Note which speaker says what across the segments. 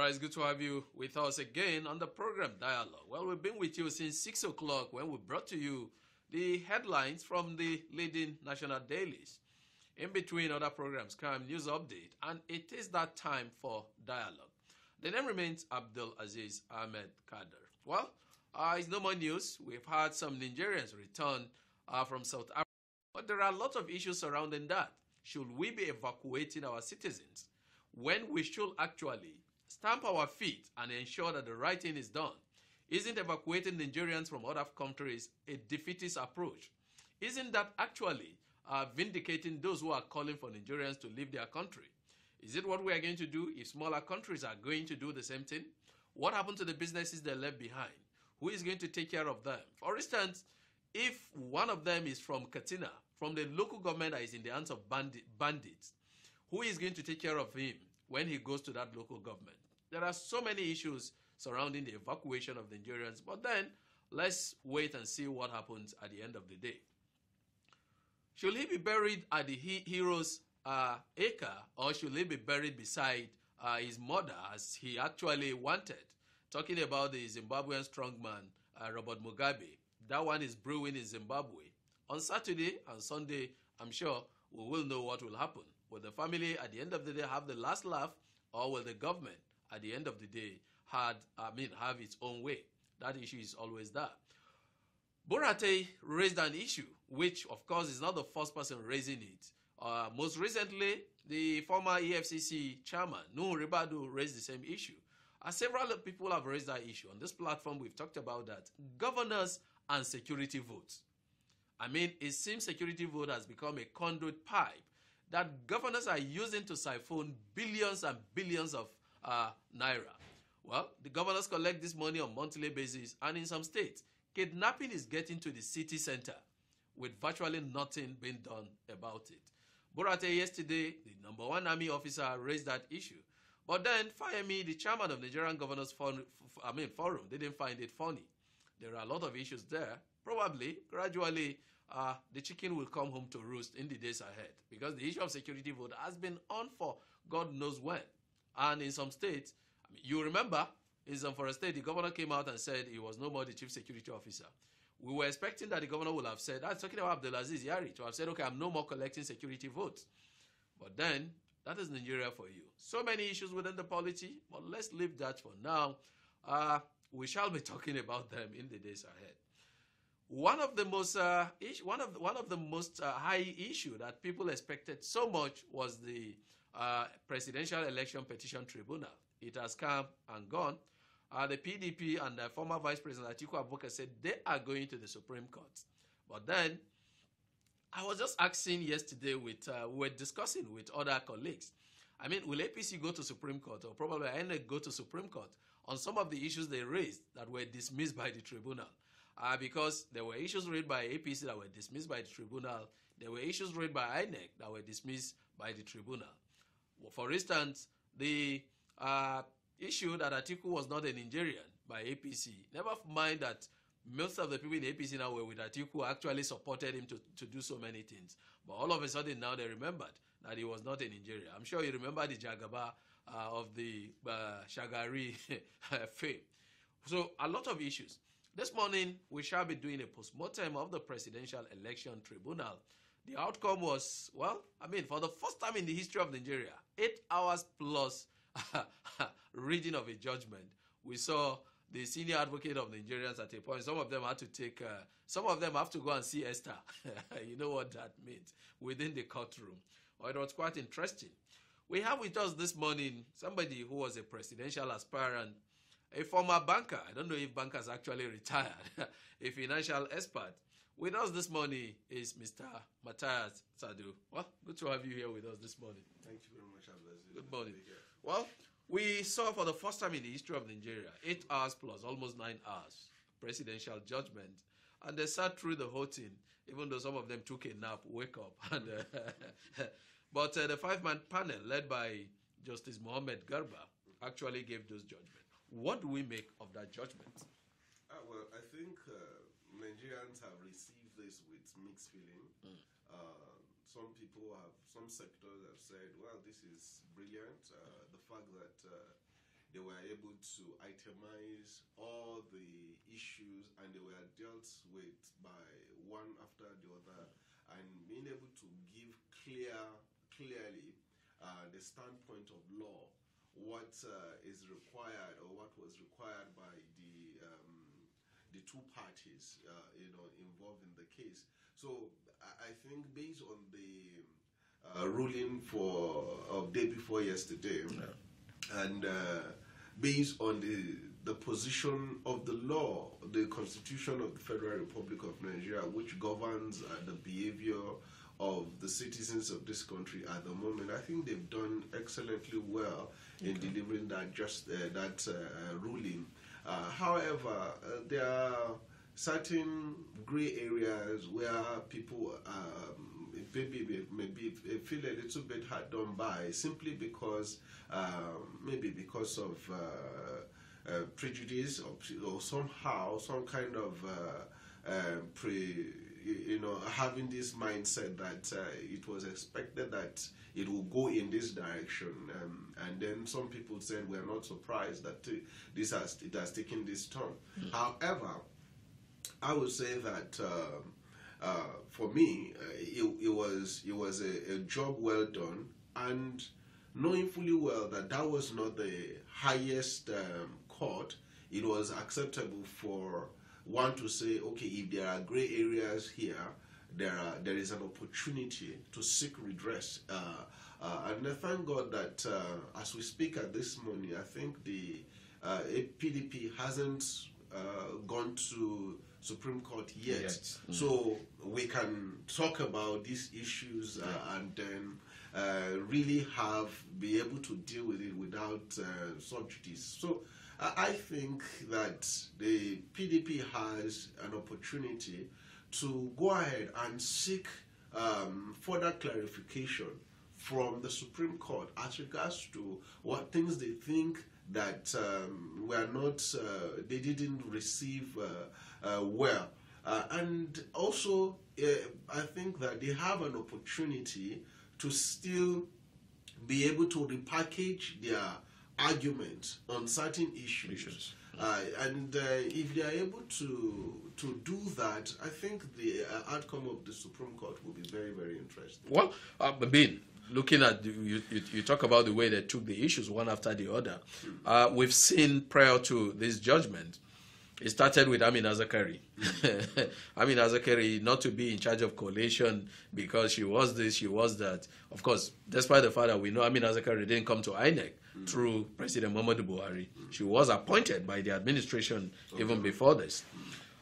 Speaker 1: All right, it's good to have you with us again on the program Dialogue. Well, we've been with you since 6 o'clock when we brought to you the headlines from the leading national dailies. In between other programs come news update, and it is that time for dialogue. The name remains Abdul Aziz Ahmed Kader. Well, uh, it's no more news. We've had some Nigerians return uh, from South Africa, but there are a lot of issues surrounding that. Should we be evacuating our citizens when we should actually stamp our feet and ensure that the right thing is done. Isn't evacuating Nigerians from other countries a defeatist approach? Isn't that actually uh, vindicating those who are calling for Nigerians to leave their country? Is it what we are going to do if smaller countries are going to do the same thing? What happened to the businesses they left behind? Who is going to take care of them? For instance, if one of them is from Katina, from the local government that is in the hands of bandits, who is going to take care of him? when he goes to that local government. There are so many issues surrounding the evacuation of the Nigerians, but then let's wait and see what happens at the end of the day. Should he be buried at the he hero's uh, acre or should he be buried beside uh, his mother as he actually wanted? Talking about the Zimbabwean strongman uh, Robert Mugabe. That one is brewing in Zimbabwe. On Saturday and Sunday, I'm sure we will know what will happen. Will the family at the end of the day have the last laugh, or will the government at the end of the day had I mean have its own way? That issue is always there. Borate raised an issue, which of course is not the first person raising it. Uh, most recently, the former EFCC chairman, Nuhu Ribadu, raised the same issue. several people have raised that issue. On this platform, we've talked about that. Governance and security votes. I mean, it seems security vote has become a conduit pipe that governors are using to siphon billions and billions of uh, naira. Well, the governors collect this money on monthly basis, and in some states, kidnapping is getting to the city center with virtually nothing being done about it. Borate yesterday, the number one army officer, raised that issue. But then Fayemi, the chairman of Nigerian Governors Forum, I mean, Forum, didn't find it funny. There are a lot of issues there. Probably, gradually, uh, the chicken will come home to roost in the days ahead because the issue of security vote has been on for God knows when. And in some states, I mean, you remember, in forest State, the governor came out and said he was no more the chief security officer. We were expecting that the governor would have said, that's ah, talking about Abdulaziz Yari, to have said, okay, I'm no more collecting security votes. But then, that is Nigeria for you. So many issues within the polity, but let's leave that for now. Uh, we shall be talking about them in the days ahead. One of the most uh, ish, one of one of the most uh, high issue that people expected so much was the uh, presidential election petition tribunal. It has come and gone. Uh, the PDP and former Vice President Atiku Abubakar said they are going to the Supreme Court. But then, I was just asking yesterday with we uh, were discussing with other colleagues. I mean, will APC go to Supreme Court or probably INEC go to Supreme Court on some of the issues they raised that were dismissed by the tribunal? uh, because there were issues raised by APC that were dismissed by the tribunal. There were issues raised by INEC that were dismissed by the tribunal. For instance, the uh, issue that Atiku was not a Nigerian by APC. Never mind that most of the people in the APC now were with Atiku actually supported him to, to do so many things. But all of a sudden now they remembered that he was not an Nigerian. I'm sure you remember the Jagaba uh, of the uh, Shagari fame. So a lot of issues. This morning, we shall be doing a postmortem of the Presidential Election Tribunal. The outcome was, well, I mean, for the first time in the history of Nigeria, eight hours plus reading of a judgment. We saw the senior advocate of Nigerians at a point, some of them had to take, uh, some of them have to go and see Esther. you know what that means within the courtroom. Well, it was quite interesting. We have with us this morning somebody who was a presidential aspirant a former banker. I don't know if bankers actually retired, a financial expert. With us this morning is Mr. Matthias Sadu. Well, good to have you here with us this morning.
Speaker 2: Thank you very much.
Speaker 1: Good, good morning. Well, we saw for the first time in the history of Nigeria, eight hours plus, almost nine hours, presidential judgment. And they sat through the whole thing, even though some of them took a nap, wake up. And, uh, but uh, the five man panel, led by Justice Mohammed Garba, actually gave those judgments. What do we make of that judgment?
Speaker 2: Ah, well, I think uh, Nigerians have received this with mixed feeling. Mm. Uh, some people have, some sectors have said, well, this is brilliant. Uh, the fact that uh, they were able to itemize all the issues and they were dealt with by one after the other and being able to give clear, clearly uh, the standpoint of law what uh, is required or what was required by the um, the two parties uh, you know involved in the case. So I think based on the uh, ruling for of day before yesterday, yeah. and uh, based on the the position of the law, the Constitution of the Federal Republic of Nigeria, which governs uh, the behavior of the citizens of this country at the moment. I think they've done excellently well okay. in delivering that just uh, that uh, ruling. Uh, however, uh, there are certain grey areas where people um, maybe maybe feel a little bit hard done by simply because um, maybe because of uh, uh, prejudice or, or, somehow some kind of pre you know, having this mindset that uh, it was expected that it will go in this direction, um, and then some people said we are not surprised that uh, this has it has taken this turn. Mm. However, I would say that. Uh, uh, for me, uh, it, it, was it was a, a job well done, and knowing fully well that that was not the highest um, court, it was acceptable for want to say, okay, if there are gray areas here, there are, there is an opportunity to seek redress. Uh, uh, and I thank God that uh, as we speak at this morning, I think the PDP uh, hasn't uh, gone to Supreme Court yet, yet. Mm. so we can talk about these issues uh, yeah. and then. really have be able to deal with it without uh, So I think that the PDP has an opportunity to go ahead and seek um, further clarification from the Supreme Court as regards to what things they think that um, were not, uh, they didn't receive uh, uh, well. Uh, and also, uh, I think that they have an opportunity to still be able to repackage their argument on certain issues. issues. Uh, and uh, if they are able to to do that, I think the uh, outcome of the Supreme Court will be very, very interesting.
Speaker 1: Well, um, I mean, looking at the, you, you, you, talk about the way they took the issues one after the other. Hmm. Uh, we've seen prior to this judgment it started with Amin Zakari. Amin Zakari not to be in charge of coalition because she was this, she was that. Of course, despite the fact that we know Amin Zakari didn't come to INEC mm. through President Muhammadu Buhari. Mm. She was appointed by the administration okay. even before this.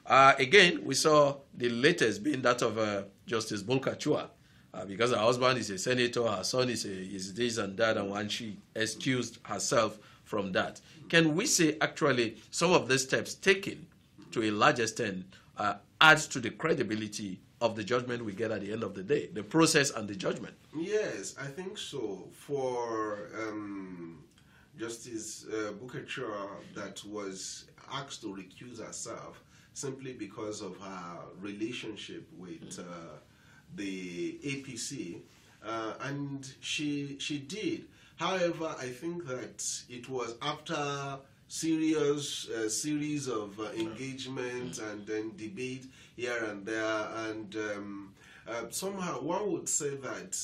Speaker 1: Uh, again, we saw the latest being that of uh, Justice Bulka Chua. Uh, because her husband is a senator, her son is, a, is this and that, and when she excused herself from that. Can we say actually some of the steps taken to a large extent uh, adds to the credibility of the judgment we get at the end of the day, the process and the judgment?
Speaker 2: Yes, I think so. For um, Justice uh, Bukachura that was asked to recuse herself simply because of her relationship with uh, the APC, uh, and she she did However, I think that it was after serious uh, series of uh, engagement and then debate here and there and um, uh, somehow one would say that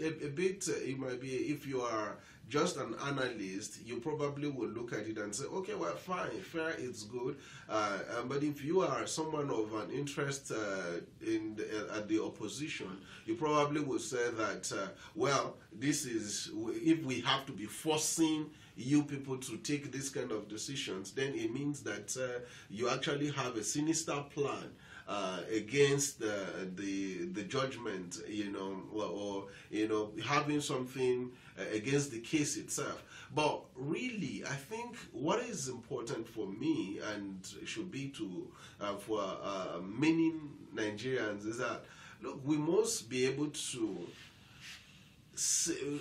Speaker 2: a, a bit uh, it might be if you are just an analyst, you probably will look at it and say, okay, well, fine, fair, it's good. Uh, um, but if you are someone of an interest uh, in the opposition, you probably will say that, uh, well, this is, if we have to be forcing you people to take this kind of decisions, then it means that uh, you actually have a sinister plan uh, against the, the the judgment, you know, or, or you know having something uh, against the case itself. But really, I think what is important for me and should be to uh, for uh, many Nigerians is that Look, we must be able to,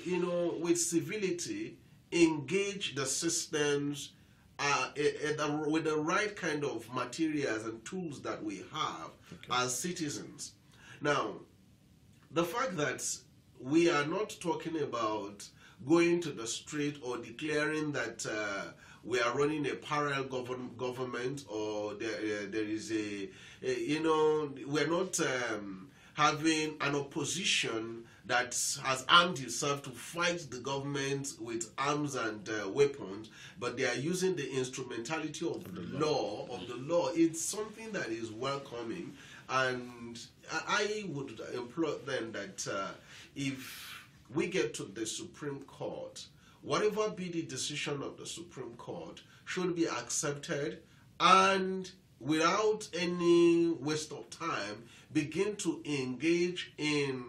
Speaker 2: you know, with civility, engage the systems uh, eh, eh, with the right kind of materials and tools that we have okay. as citizens. Now, the fact that we are not talking about going to the street or declaring that uh, we are running a parallel govern government or there, uh, there is a, a, you know, we're not. Um, having an opposition that has armed itself to fight the government with arms and uh, weapons, but they are using the instrumentality of the law, of the law. It's something that is welcoming, and I would implore them that uh, if we get to the Supreme Court, whatever be the decision of the Supreme Court, should be accepted and without any waste of time, begin to engage in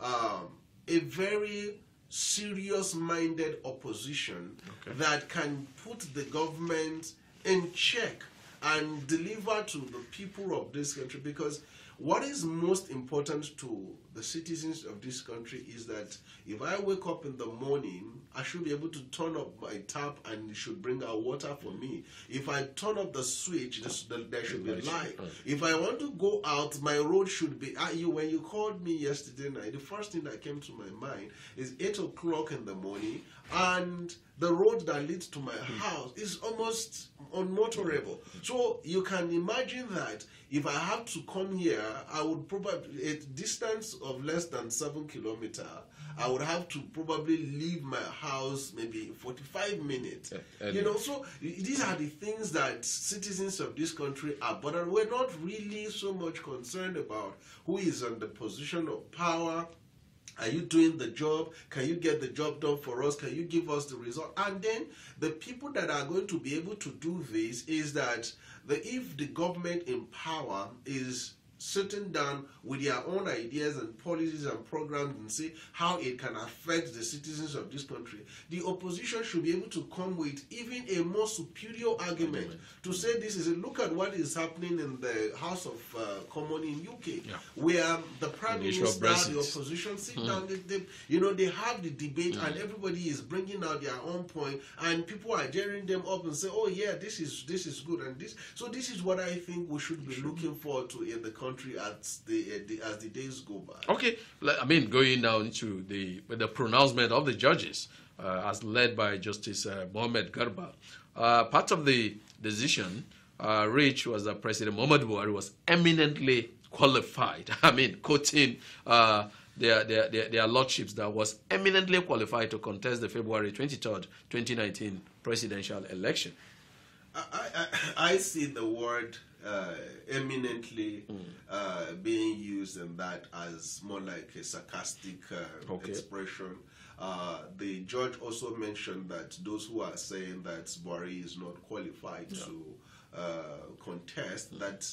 Speaker 2: um, a very serious minded opposition okay. that can put the government in check and deliver to the people of this country because what is most important to the citizens of this country is that if I wake up in the morning, I should be able to turn up my tap and it should bring out water for me. If I turn up the switch, this, there should be light. If I want to go out, my road should be at ah, you. When you called me yesterday night, the first thing that came to my mind is 8 o'clock in the morning and the road that leads to my hmm. house is almost unmotorable. So you can imagine that if I have to come here, I would probably a distance of less than 7 kilometer, I would have to probably leave my house maybe 45 minutes. Eh, you know, so these are the things that citizens of this country are bothered. We're not really so much concerned about who is on the position of power, are you doing the job? Can you get the job done for us? Can you give us the result? And then the people that are going to be able to do this is that the, if the government in power is sitting down with their own ideas and policies and programs and see how it can affect the citizens of this country. The opposition should be able to come with even a more superior argument to say this is a look at what is happening in the House of uh, Commons in UK, yeah. where um, the Prime Minister, the opposition sit mm down, they, they, you know, they have the debate mm and everybody is bringing out their own point and people are gearing them up and say, oh yeah, this is, this is good and this. So this is what I think we should be looking forward to in the country country as the, as the days go by.
Speaker 1: Okay, I mean going down to the the pronouncement of the judges uh, as led by Justice uh, Mohamed Garba. Uh, part of the decision uh, reached was that President Mohamed Buhari was eminently qualified. I mean, quoting uh, their, their, their, their lordships that was eminently qualified to contest the February 23rd, 2019 presidential election.
Speaker 2: I, I, I see the word uh, eminently mm. uh, being used in that as more like a sarcastic uh, okay. expression. Uh, the judge also mentioned that those who are saying that Bari is not qualified yeah. to uh, contest, mm. that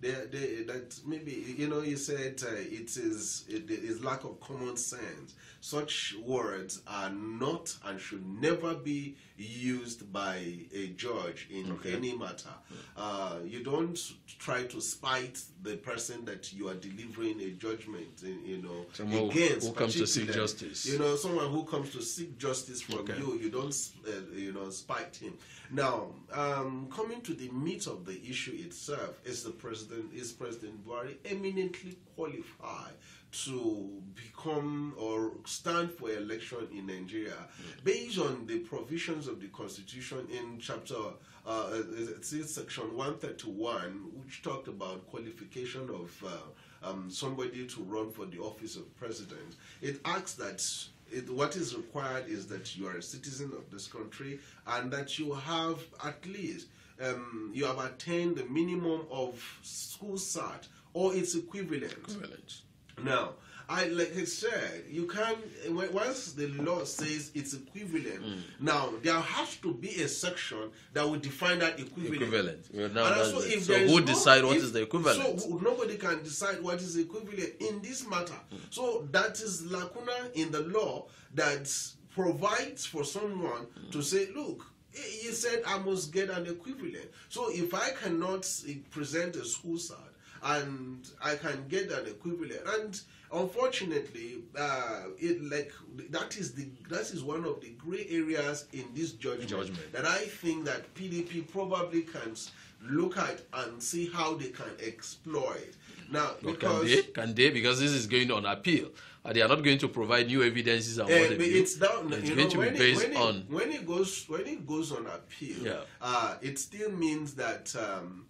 Speaker 2: they, they, that maybe you know you said uh, it is it is lack of common sense. Such words are not and should never be used by a judge in okay. any matter. Uh, you don't try to spite the person that you are delivering a judgment. In, you know someone against who, who comes to seek justice. You know someone who comes to seek justice from okay. you. You don't uh, you know spite him. Now um, coming to the meat of the issue itself is the president President is President Buhari eminently qualified to become or stand for election in Nigeria mm. based on the provisions of the Constitution in chapter uh, uh section 131 which talked about qualification of uh, um, somebody to run for the office of president. It asks that it, what is required is that you are a citizen of this country and that you have at least um, you have attained the minimum of school cert or its equivalent. equivalent. Now, I like I said, you can once the law says it's equivalent. Mm. Now there has to be a section that will define that equivalent. Equivalent. Well, also, if so who no, decide what if, is the equivalent? So nobody can decide what is equivalent in this matter. Mm. So that is lacuna in the law that provides for someone mm. to say, look, he said, I must get an equivalent. So if I cannot present a school cert and I can get an equivalent, and unfortunately, uh, it like that is the that is one of the gray areas in this judgment, judgment. that I think that PDP probably can look at and see how they can exploit. Now, because, can they?
Speaker 1: Can they? Because this is going on appeal. Uh, they are not going to provide new evidences and eh, what It's, it's going know, to be based it, when on it, when
Speaker 2: it goes when it goes on appeal. Yeah. Uh, it still means that. Um,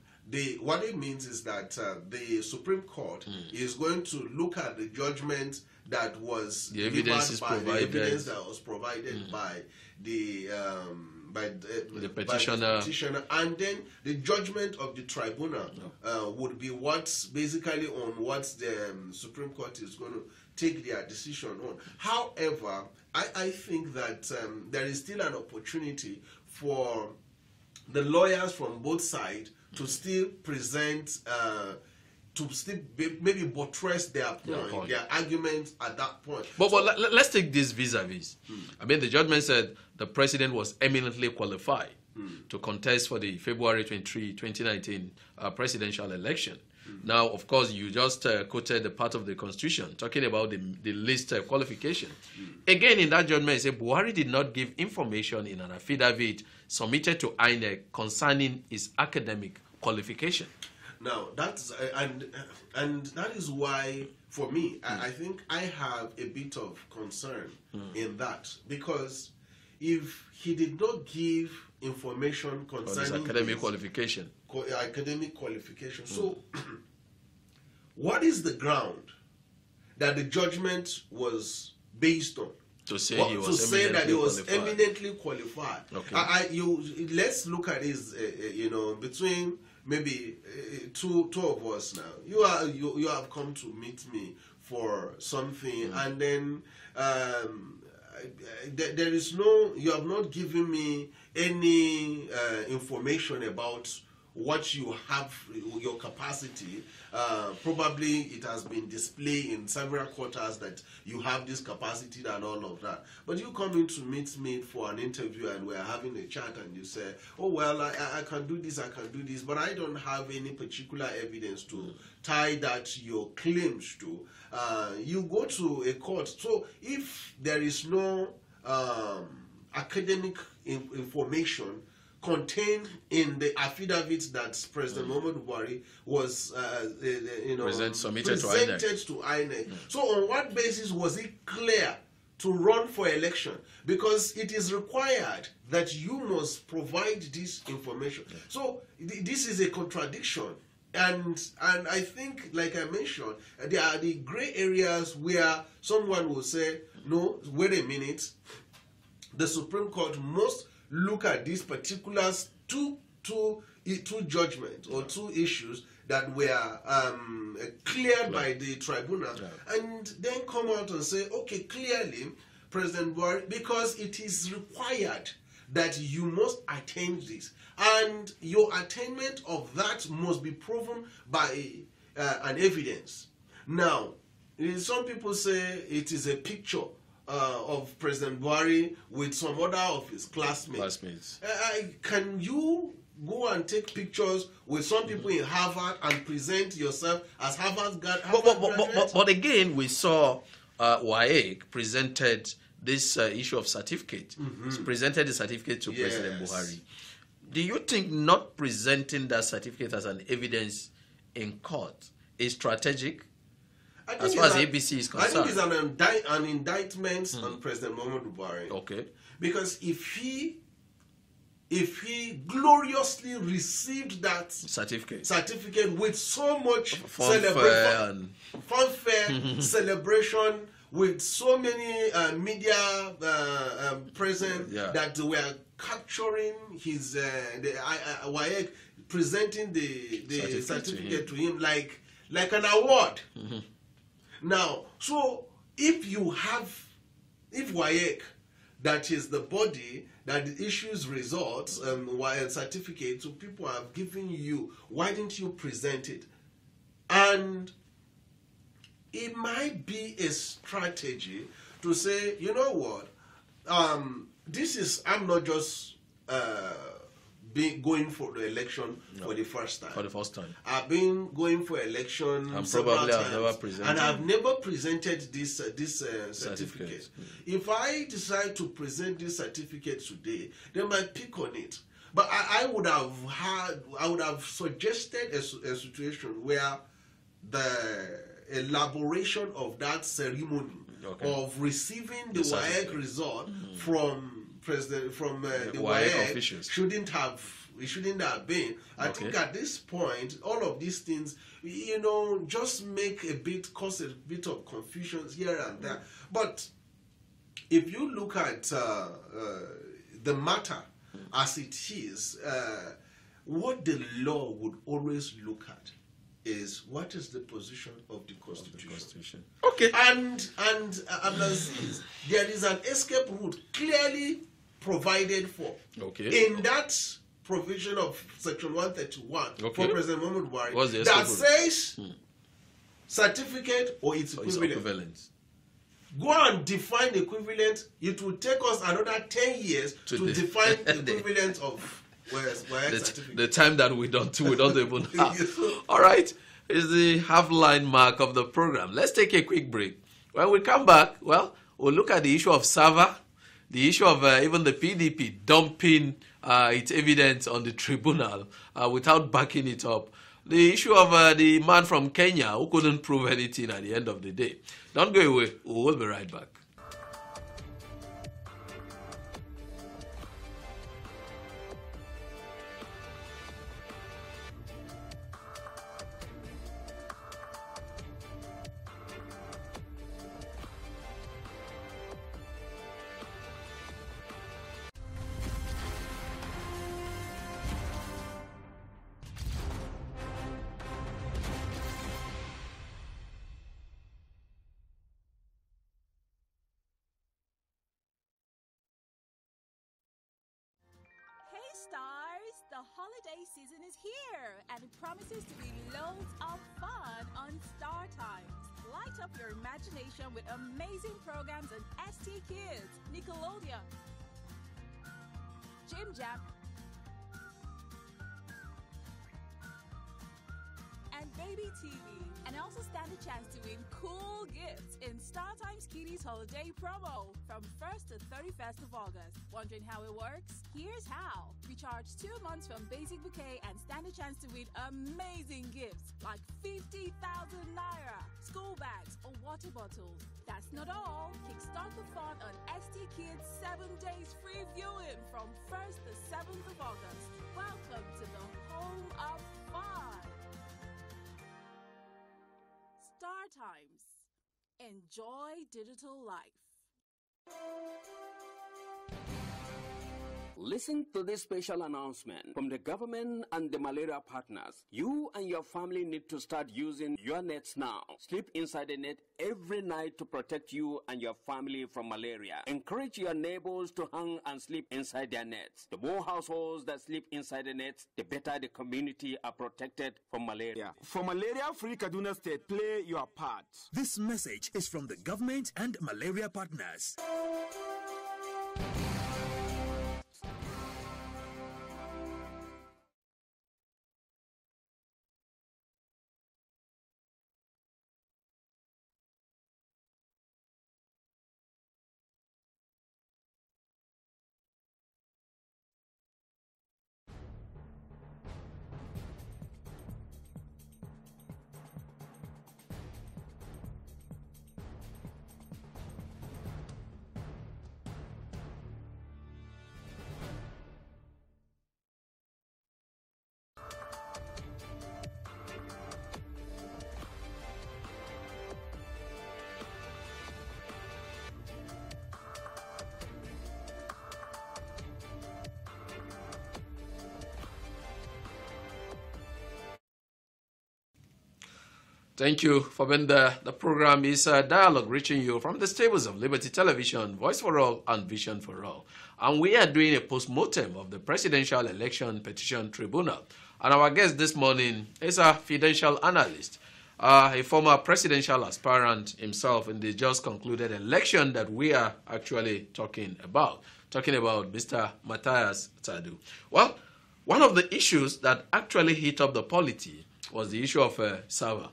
Speaker 2: what it means is that uh, the Supreme Court mm. is going to look at the judgment that was the evidence is provided. evidence that was provided mm. by the um, by the, uh, the, petitioner. by the, petitioner. and then the judgment of the tribunal no. uh, would be what's basically on what the um, Supreme Court is going to take their decision on. However, I, I think that um, there is still an opportunity for the lawyers from both sides to still present, uh, to still be, maybe buttress their point, point. their arguments at that point.
Speaker 1: But, so, but let, us take this vis-a-vis. Hmm. I mean, the judgment said the president was eminently qualified mm. to contest for the February 23, 2019 uh, presidential election. Mm-hmm. Now, of course, you just uh, quoted the part of the constitution talking about the, the list uh, qualification. mm Again, in that judgment, it said Buhari did not give information in an affidavit submitted to INEC concerning his academic qualification.
Speaker 2: Now, that's uh, and uh, and that is why, for me, mm I, I, think I have a bit of concern mm. in that because if he did not give information concerning his academic his,
Speaker 1: qualification
Speaker 2: academic qualification. So, hmm. what is the ground that the judgment was based on? To say, what, he was to say that he was qualified. eminently qualified. Okay. I, I, you, let's look at this, uh, uh, you know, between maybe uh, two, two of us now. You, are, you, you have come to meet me for something, mm and then um, there is no, you have not given me any uh, information about what you have, your capacity. Uh, probably it has been displayed in several quarters that you have this capacity and all of that. But you come in to meet me for an interview and we're having a chat and you say, oh, well, I, I can do this, I can do this, but I don't have any particular evidence to tie that your claims to. Uh, you go to a court. So if there is no um, academic in information contained in the affidavits that President mm. Muhammad Buhari was, uh, uh, uh, you know, Present, submitted presented to INEC. To INEC. Mm. So, on what basis was it clear to run for election? Because it is required that you must provide this information. Yeah. So, th this is a contradiction. And and I think, like I mentioned, there are the gray areas where someone will say, "No, wait a minute." The Supreme Court must look at these particular two, two, two judgments or two issues that were um, cleared by the tribunal and then come out and say, okay, clearly, President Buhari, because it is required that you must attain this. And your attainment of that must be proven by uh, an evidence. Now, eh, some people say it is a picture uh, of President Buhari with some other of his classmates. classmates. Uh, uh, can you go and take pictures with some people in Harvard and present yourself as Harvard's Harvard but, but, but, but,
Speaker 1: but, again, we saw uh, Waik presented this uh, issue of certificate. Mm-hmm. presented the certificate to yes. President Buhari. Do you think not presenting that certificate as an evidence in court is strategic? as far as ABC is concerned. I think it's an,
Speaker 2: indi- an indictment mm. on President Muhammadu Buhari. Okay. Because if he if he gloriously received that certificate, certificate with so much celebration, fanfare, celebration, with so many uh, media uh, um, present yeah. that we are capturing his uh, the uh, presenting the the certificate, certificate to, him. to him like like an award. Mm -hmm. Now, so if you have, if WAEC, that is the body that issues results and, and certificates so people have given you, why didn't you present it? And it might be a strategy to say, you know what, um, this is, I'm not just. Uh, being going for the election no. for the first time. For the first time, I've been going for election. And probably I've never presented. And I've never presented this uh, this uh, certificate. certificate. Mm. If I decide to present this certificate today, they might pick on it. But I, I would have had, I would have suggested a, a situation where the elaboration of that ceremony okay. of receiving the, the WAEC result mm from president from uh, the, the YA officials shouldn't have we shouldn't have been. I okay. think at this point, all of these things, you know, just make a bit cause a bit of confusion here and there. But if you look at uh, uh, the matter as it is, uh, what the law would always look at is what is the position of the constitution. Of the constitution. Okay. And and uh, Abdelaziz, there is an escape route clearly provided for. Okay. In that provision of Section 131 okay. for President Mahmoud Buhari that says hmm. certificate or its equivalent. Its equivalent. Go and define equivalent. It will take us another 10 years to, to define equivalent of where's, where's the,
Speaker 1: the, time that we don't do, we don't even have. yes. All right, is the half line mark of the program. Let's take a quick break. When we come back, well, we'll look at the issue of server the issue of uh, even the PDP dumping uh, its evidence on the tribunal uh, without backing it up. The issue of uh, the man from Kenya who couldn't prove anything at the end of the day. Don't go away. We'll be right back.
Speaker 3: stars, the holiday season is here and it promises to be loads of fun on Star Times. Light up your imagination with amazing programs on ST Kids, Nickelodeon, Jim Jam, and Baby TV and also stand a chance to win cool gifts in StarTimes Kitty's holiday promo from 1st to 31st of August. Wondering how it works? Here's how. We charge two months from Basic Bouquet and stand a chance to win amazing gifts like 50,000 naira, school bags, or water bottles. That's not all. Kickstart the fun on ST Kids 7 days free viewing from 1st to 7th of August. Welcome to the home of times. Enjoy digital life.
Speaker 1: Listen to this special announcement from the government and the malaria partners. You and your family need to start using your nets now. Sleep inside the net every night to protect you and your family from malaria. Encourage your neighbors to hang and sleep inside their nets. The more households that sleep inside the nets, the better the community are protected from malaria.
Speaker 2: For malaria-free Kaduna State, play your part. This
Speaker 1: message is from the government and malaria partners. Thank you for being there. The program is a dialogue reaching you from the stables of Liberty Television, Voice for All, and Vision for All. And we are doing a post-mortem of the Presidential Election Petition Tribunal. And our guest this morning is a financial analyst, uh, a former presidential aspirant himself in the just concluded election that we are actually talking about, talking about Mr. Matthias Tadu. Well, one of the issues that actually hit up the polity was the issue of uh, server.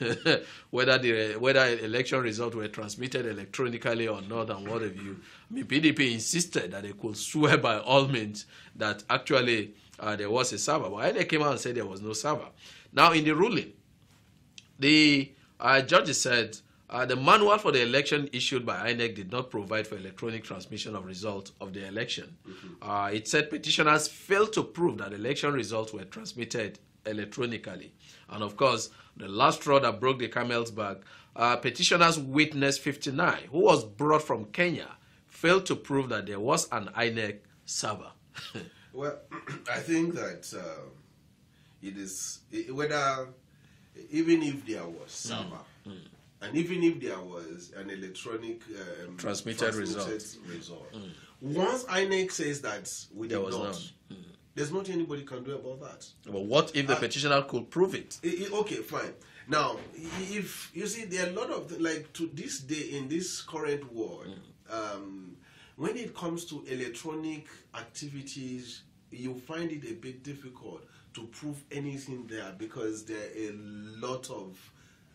Speaker 1: whether the whether election results were transmitted electronically or not and what have you. I mean, PDP insisted that they could swear by all means that actually uh, there was a server. But they came out and said there was no server. Now, in the ruling, the uh, judges said uh, the manual for the election issued by INEC did not provide for electronic transmission of results of the election. Mm -hmm. uh, it said petitioners failed to prove that election results were transmitted electronically. And of course, the last straw that broke the camel's back, uh, petitioner's witness 59, who was brought from Kenya, failed to prove that there was an INEC server.
Speaker 2: well, I think that uh, it is it, whether even if there was mm, server, mm. and even if there was an electronic um, transmitted, result, result mm. once INEC says that we there was not. None. Mm. There's nothing anybody can do about that. But what if the uh,
Speaker 1: petitioner could prove it?
Speaker 2: Okay, fine. Now, if you see, there are a lot of like to this day in this current world, mm. um, when it comes to electronic activities, you find it a bit difficult to prove anything there because there are a lot of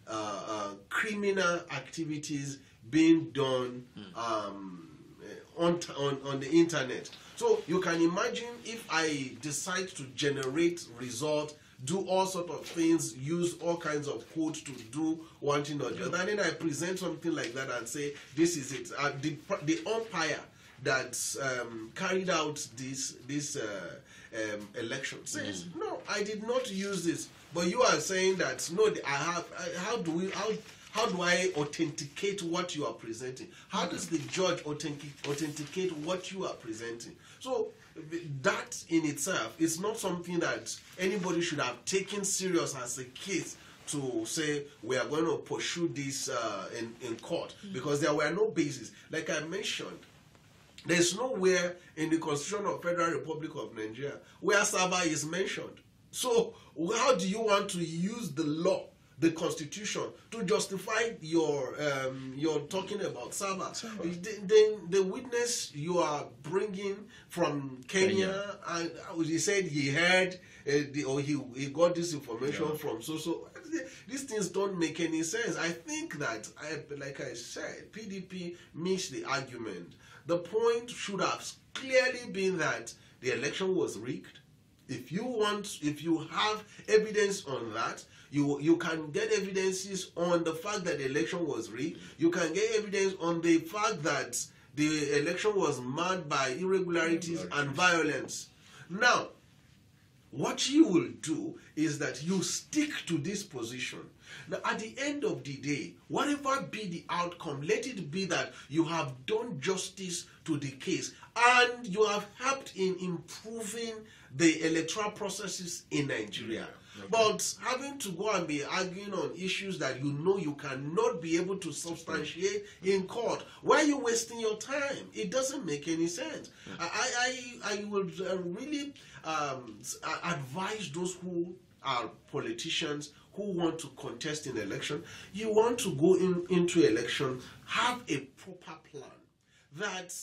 Speaker 2: uh, uh, criminal activities being done mm. um, eh, on, on on the internet. So you can imagine if I decide to generate result, do all sort of things, use all kinds of code to do one thing or the other, and then I present something like that and say, this is it. Uh, the, the umpire that um, carried out this this uh, um, election says, mm. no, I did not use this. But you are saying that no, I have. how do we? How how do I authenticate what you are presenting? How mm-hmm. does the judge authenticate what you are presenting? So that in itself is not something that anybody should have taken serious as a case to say we are going to pursue this uh, in, in court mm -hmm. because there were no basis. Like I mentioned, there's nowhere in the Constitution of Federal Republic of Nigeria where Saba is mentioned. So how do you want to use the law the constitution to justify your um, your talking about Sabbath. Then the witness you are bringing from Kenya, Kenya. and uh, he said he heard uh, the, or he, he got this information yeah. from so so. These things don't make any sense. I think that, I, like I said, PDP missed the argument. The point should have clearly been that the election was rigged. If you want, if you have evidence on that, you you can get evidences on the fact that the election was rigged. You can get evidence on the fact that the election was marred by irregularities, irregularities. and violence. Now, what you will do is that you stick to this position. Now, at the end of the day, whatever be the outcome, let it be that you have done justice to the case and you have helped in improving the electoral processes in Nigeria. But having to go and be arguing on issues that you know you cannot be able to substantiate in court, why are you wasting your time? It doesn't make any sense. I, I, I would uh, really um, advise those who are politicians who want to contest in election. You want to go in, into election, have a proper plan that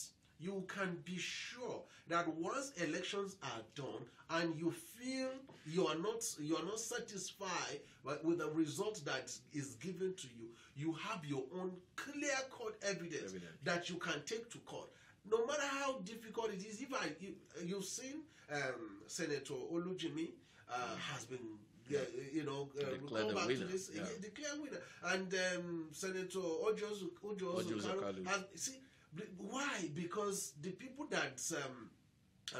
Speaker 2: you can be sure that once elections are done and you feel you are not you are not satisfied with the result that is given to you, you have your own clear cut evidence, evidence, that you can take to court. No matter how difficult it is, if I, you, have seen um, Senator Olujimi uh, mm. has been yeah, uh, you know, uh, declare come back winner. to this, yeah. declare winner. And um, Senator Ojo Ojo has see why? Because the people that um,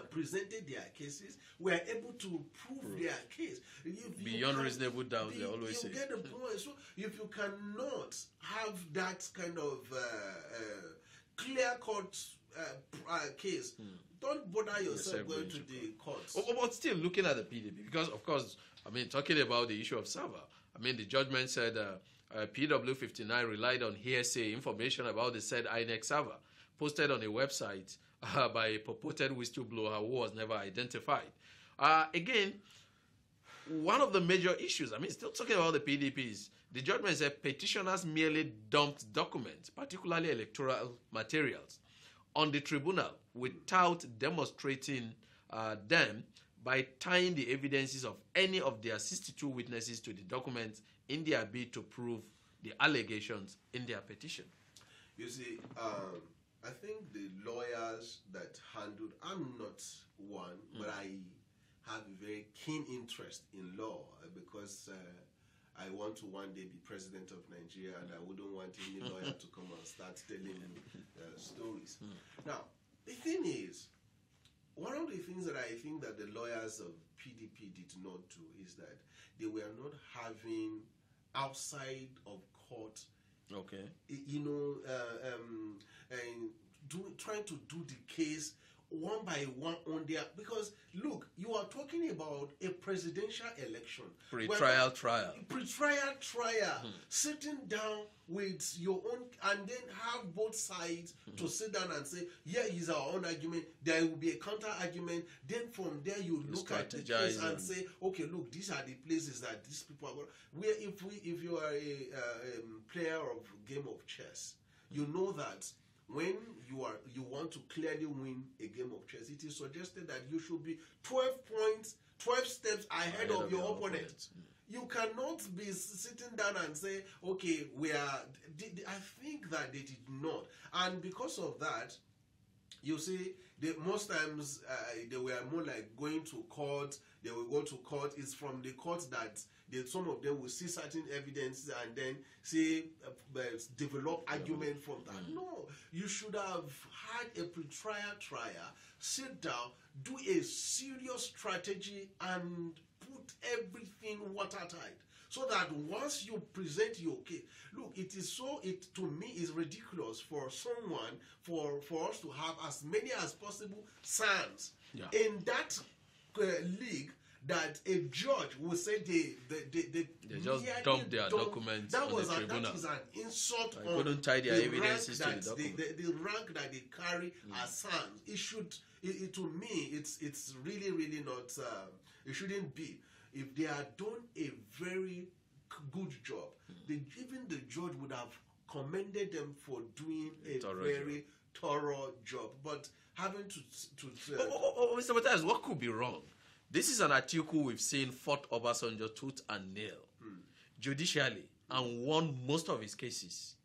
Speaker 2: presented their cases, we are able to prove, mm. their case. If Beyond can,
Speaker 1: reasonable doubt, they always say. get the
Speaker 2: point. So if you cannot have that kind of uh, uh, clear-cut uh, uh, case, hmm. don't bother yourself going to court. the court. Oh,
Speaker 1: oh, but still, looking at the PDP, because of course, I mean, talking about the issue of Sava, I mean, the judgment said uh, uh, PW59 relied on hearsay information about the said INEX server posted on a website uh, by a purported whistleblower who was never identified. Uh, again, one of the major issues, I mean, still talking about the PDPs, the judgment said petitioners merely dumped documents, particularly electoral materials, on the tribunal without demonstrating uh, them by tying the evidences of any of their 62 witnesses to the documents in their bid to prove the allegations in their petition.
Speaker 2: You see, um I think the lawyers that handled, I'm not one, mm. but I have a very keen interest in law uh, because uh, I want to one day be president of Nigeria and I wouldn't want any lawyer to come and start telling me uh, stories. Mm. Now, the thing is, one of the things that I think that the lawyers of PDP did not do is that they were not having outside of court Okay. You know, uh, um, and do, trying to do the case one by one on their because look, you are talking about a presidential election. Pre-trial trial. Pre-trial trial. Hmm. Sitting down with your own and then have both sides hmm. to sit down and say, here is our own argument. There will be a counter argument. Then from there you, you look at the place and say, okay, look, these are the places that these people are going. Where if we if you are a uh, um, player of game of chess, you know that when you are you want to clearly win a game of chess, it is suggested that you should be 12 points, 12 steps ahead, ahead of, of, your, your opponent. opponent. You cannot be sitting down and say, okay, we are. I think that they did not. And because of that, you see, the most times uh, they were more like going to court. They will go to court. It's from the court that they, some of them will see certain evidence and then say uh, develop argument from that. Mm-hmm. No, you should have had a pre trial, sit down, do a serious strategy, and put everything watertight. So that once you present your case, look, it is so it to me is ridiculous for someone for for us to have as many as possible sons yeah. in that uh, league that a judge will say they they they, they, they just
Speaker 1: dumped their documents that was a, that is an
Speaker 2: insult I on couldn't tie their the evidences rank that to the, the, the, rank that they carry mm. as sons. It should it, it, to me it's it's really really not um, it shouldn't be if they had done a very good job. Mm. even the judge would have commended them for doing a, very job. thorough job, but having to to. Uh, oh, oh,
Speaker 1: oh, oh Mr. Matthias, what could be wrong? This is an article we've seen fought Obasanjo tooth and nail, hmm. judicially, and won most of his cases.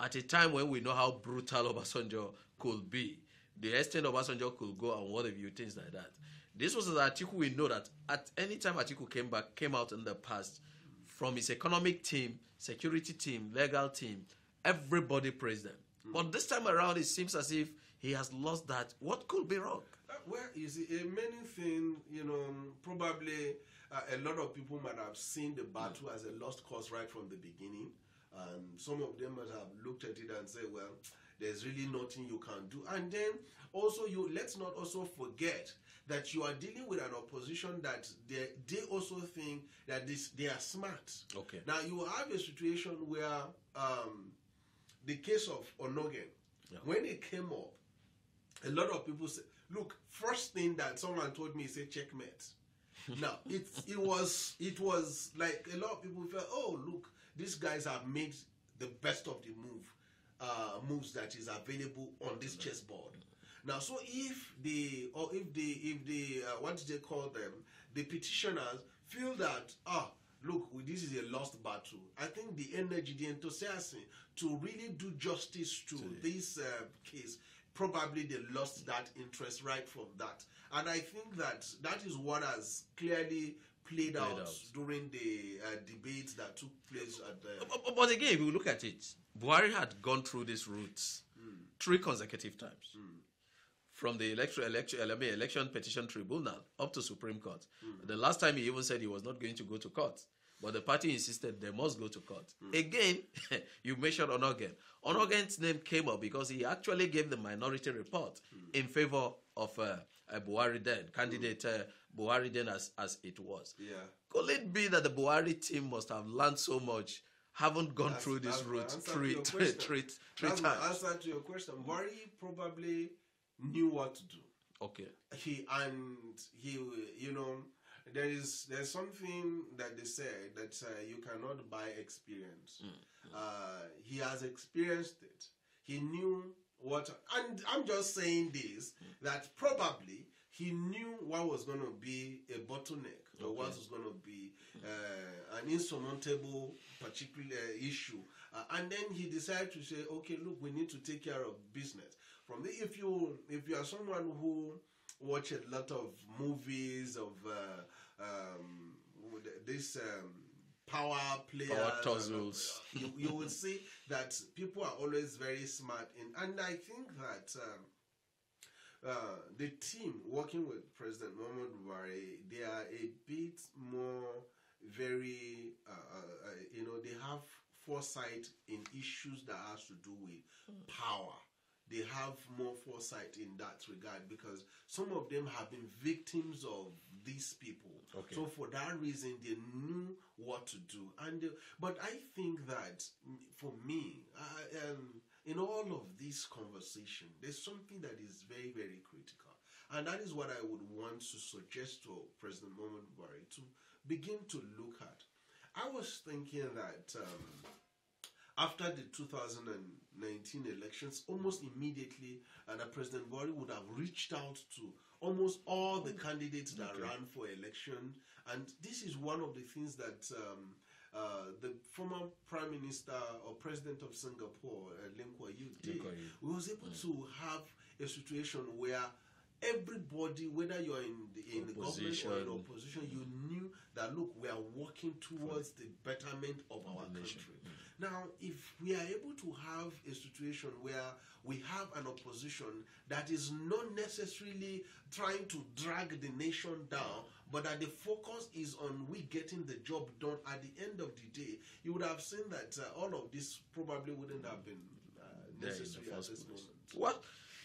Speaker 1: At a time when we know how brutal Obasanjo could be, the extent Obasanjo could go and what have you, things like that. This was an article we know that at any time article came back, came out in the past, from his economic team, security team, legal team, everybody praised them. Hmm. But this time around, it seems as if he has lost that. What could be wrong?
Speaker 2: where is it? many things, you know, um, probably uh, a lot of people might have seen the hmm. battle as a lost cause right from the beginning. And some of them might have looked at it and said, well, there's really nothing you can do. And then also, you let's not also forget that you are dealing with an opposition that they, they also think that this, they are smart. Okay. Now, you have a situation where um, the case of Onogen, yeah. when it came up, a lot of people said. Look, first thing that someone told me is a checkmate. now it it was it was like a lot of people felt, oh look, these guys have made the best of the move uh, moves that is available on this chessboard. Now, so if the or if the if the uh, what do they call them the petitioners feel that ah look this is a lost battle, I think the energy, the enthusiasm to really do justice to this uh, case probably they lost that interest right from that. And I think that that is what has clearly played, played out, out, during the uh, debates that took place at the. But,
Speaker 1: but again, if you look at it, Buhari had gone through these routes mm. three consecutive times. Mm. From the election, election, election petition tribunal up to Supreme Court. Mm. The last time he even said he was not going to go to court. But the party insisted they must go to court. Mm. Again, you mentioned Onogen. Onogen's name came up because he actually gave the minority report mm. in favor of uh, uh, Buhari then, candidate mm. uh, Buhari then as, as it was. Yeah. Could it be that the Buhari team must have learned so much, haven't gone that's, through this route three, three, three, three times?
Speaker 2: answer to your question. Buhari probably knew what to do. Okay. He and he, you know, there is there's something that they said that uh, you cannot buy experience. Mm, mm, Uh, he has experienced it. He knew what, and I'm just saying this mm. that probably he knew what was going to be a bottleneck okay. or what was going to be uh, an insurmountable particular issue, uh, and then he decided to say, okay, look, we need to take care of business. From the, if you if you are someone who watch a lot of movies of uh, um, this um, power players. Power tussles. you, you will see that people are always very smart. In, and I think that um, uh, the team working with President Mohamed Buhari, they are a bit more very, uh, uh, uh, you know, they have foresight in issues that has to do with mm. power they have more foresight in that regard because some of them have been victims of these people. Okay. So for that reason, they knew what to do. And they, uh, but I think that for me, I, um, in all of this conversation, there's something that is very very critical, and that is what I would want to suggest to President Mohamed Buhari to begin to look at. I was thinking that. Um, after the 2019 elections, almost immediately, and uh, President Buhari would have reached out to almost all the candidates that okay. ran for election. And this is one of the things that um, uh, the former prime minister or president of Singapore, uh, Lim Kuan Yew, did. We was able mm. to have a situation where everybody, whether you're in the, in the government or in opposition, you knew that look, we are working towards the betterment of our country. Mm. Now, if we are able to have a situation where we have an opposition that is not necessarily trying to drag the nation down, but that the focus is on we getting the job done at the end of the day, you would have seen that uh, all of this probably wouldn't have been uh, necessary at this moment. Well,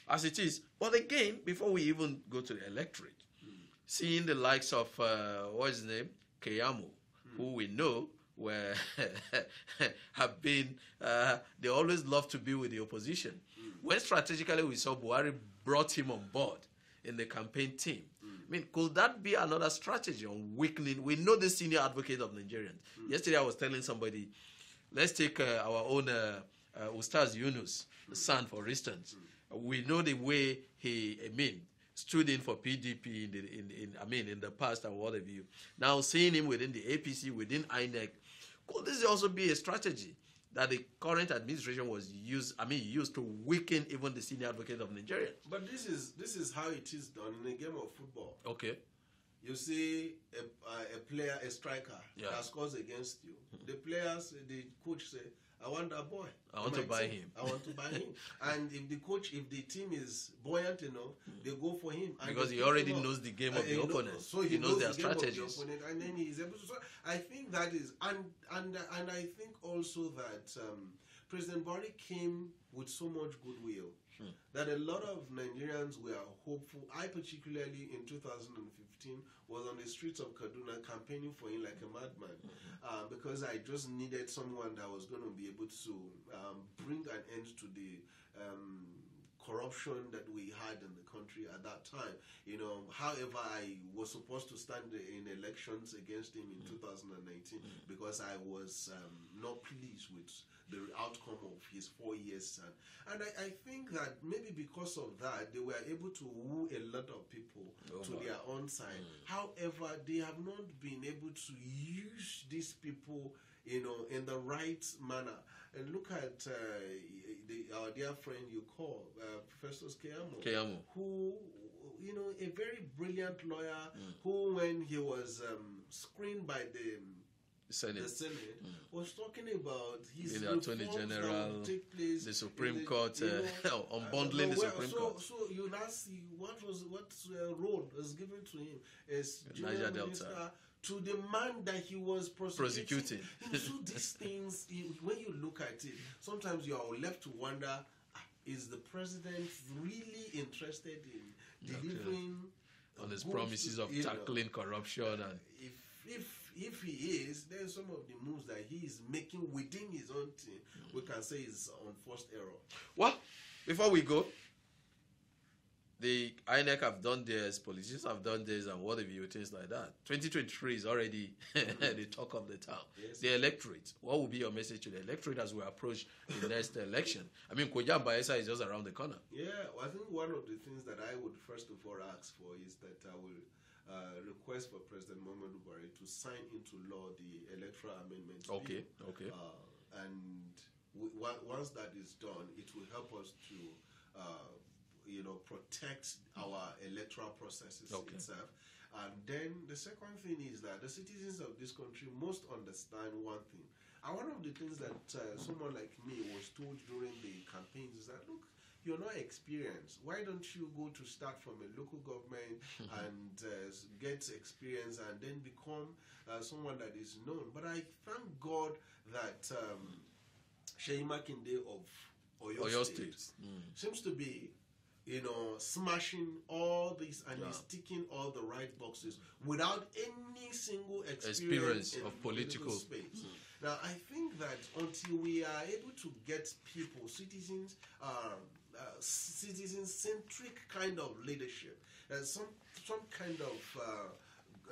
Speaker 1: as it is. But again, before we even go to the electorate, mm. seeing the likes of, uh, what's his name? Keyamo, hmm. who we know were have been uh, they always love to be with the opposition. Mm. When strategically we saw Buhari brought him on board in the campaign team, mm. I mean, could that be another strategy on weakening? We know the senior advocate of Nigerians. Mm. Yesterday I was telling somebody, let's take uh, our own uh, uh Ustaz Yunus, the hmm. son, for instance. Hmm. We know the way he, I mean, stood in for PDP in, the, in, in I mean, in the past and what have you. Now seeing him within the APC, within INEC, could this also be a strategy that the current administration was used, I mean, used to weaken even the senior advocate of Nigeria?
Speaker 2: But this is, this is how it is done in a game of football. Okay. You see a, a player, a striker, yeah. that scores against you. The players, the coach say, I want a boy. I want to buy team. him. I want to buy him. and if the coach, if the team is buoyant enough, they go for him. And because he already knows the game of uh, the opponent. so he, he knows, knows, their the strategies. The opponent, and then he's able to. So I think that is, and and and I think also that um, President Bari came with so much goodwill hmm. that a lot of Nigerians were hopeful. I particularly in 2015 2015, was on the streets of Kaduna campaigning for him like a madman uh, because I just needed someone that was going to be able to um, bring an end to the um, corruption that we had in the country at that time. You know, however, I was supposed to stand in elections against him in mm. 2019 mm. because I was um, not pleased with the outcome of his four years. And, and I, I, think that maybe because of that, they were able to woo a lot of people oh to my. their own side. Mm. However, they have not been able to use these people, you know, in the right manner. And look at uh, the, our dear friend you call, uh, Professor Skeamo, who you know, a very brilliant lawyer mm. who, when he was um, screened by the um,
Speaker 1: the Senate. The Senate mm.
Speaker 2: was talking about his the Attorney General, take
Speaker 1: place the Supreme the, Court, you uh, know, unbundling uh, the Supreme so,
Speaker 2: Court. So you now see what was what uh, role was given to him as General Minister. Delta to the man that he was prosecuting. prosecuting. so these things, when you look at it, sometimes you are left to wonder: ah, Is the president really interested in delivering okay. on his promises of tackling
Speaker 1: corruption? And
Speaker 2: if if if he is, then some of the moves that he is making within his own team, we can say is on first error.
Speaker 1: Well, before we go, the INEC have done this, politicians have done this, and what have you, things like that. 2023 is already the talk of the town. Yes. The electorate. What will be your message to the electorate as we approach the next election? I mean, Kojan Baesa is just around the corner.
Speaker 2: Yeah, well, I think one of the things that I would first of all ask for is that I will uh, request for President Mohamed Buhari to sign into law the electoral amendment. Okay, bill. okay. Uh, and once that is done, it will help us to, uh, you know, protect our electoral processes okay. itself. And then the second thing is that the citizens of this country must understand one thing. And one of the things that uh, someone like me was told during the campaigns is that, look, you're not experienced. Why don't you go to start from a local government and uh, get experience and then become uh, someone that is known? But I thank God that um, Sheima Kinde of Oyo, Oyo State, State. Mm. seems to be you know, smashing all these and yeah. sticking all the right boxes without any single experience, experience of political, political space. Mm. Now, I think that until we are able to get people, citizens, um, uh, citizen-centric kind of leadership, uh, some some kind of uh,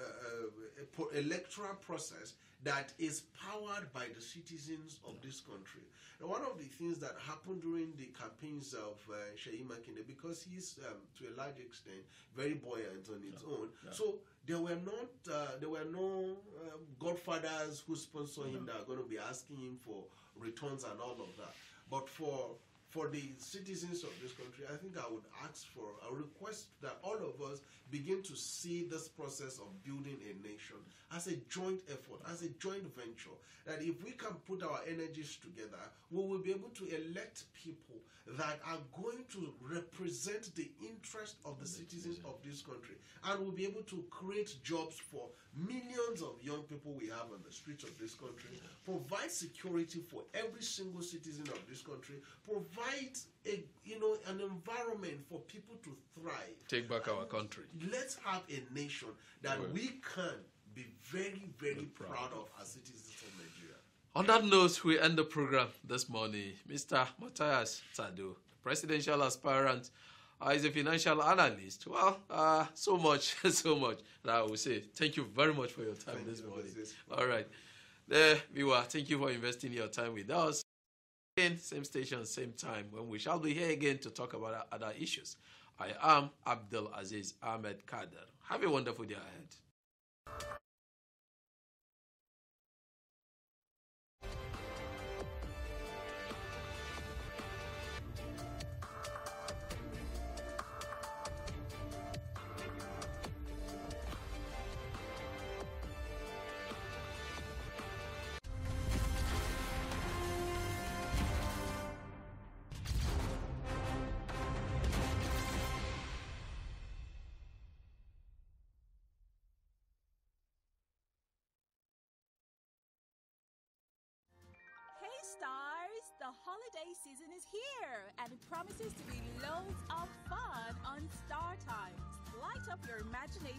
Speaker 2: uh, uh electoral process that is powered by the citizens of this country. And one of the things that happened during the campaigns of uh, Sheyi Makinde, because he's um, to a large extent very buoyant on his yeah. own, yeah. so there were not uh, there were no uh, godfathers who sponsor him that are going to be asking him for returns and all of that. But for for the citizens of this country, I think I would ask for a request that all of us begin to see this process of building a nation as a joint effort, as a joint venture. That if we can put our energies together, we will be able to elect people that are going to represent the interest of the citizens of this country and we'll be able to create jobs for millions of young people we have on the streets of this country, provide security for every single citizen of this country, provide provide a you know an environment for people to thrive.
Speaker 1: Take back our country.
Speaker 2: Let's have a nation that well. we can be very, very proud. of as citizens of Nigeria.
Speaker 1: On that note, we end the program this morning. Mr. Matthias Sadu, presidential aspirant, uh, is a financial analyst. Well, uh, so much, so much that I will say. Thank you very much for your time thank this morning. All right. There, were. thank you for investing your time with us same station, same time, when we shall be here again to talk about other issues. I am Abdul Aziz Ahmed Kader. Have a wonderful day ahead.
Speaker 3: holiday season is here and it promises to be loads of fun on Star Times. Light up your imagination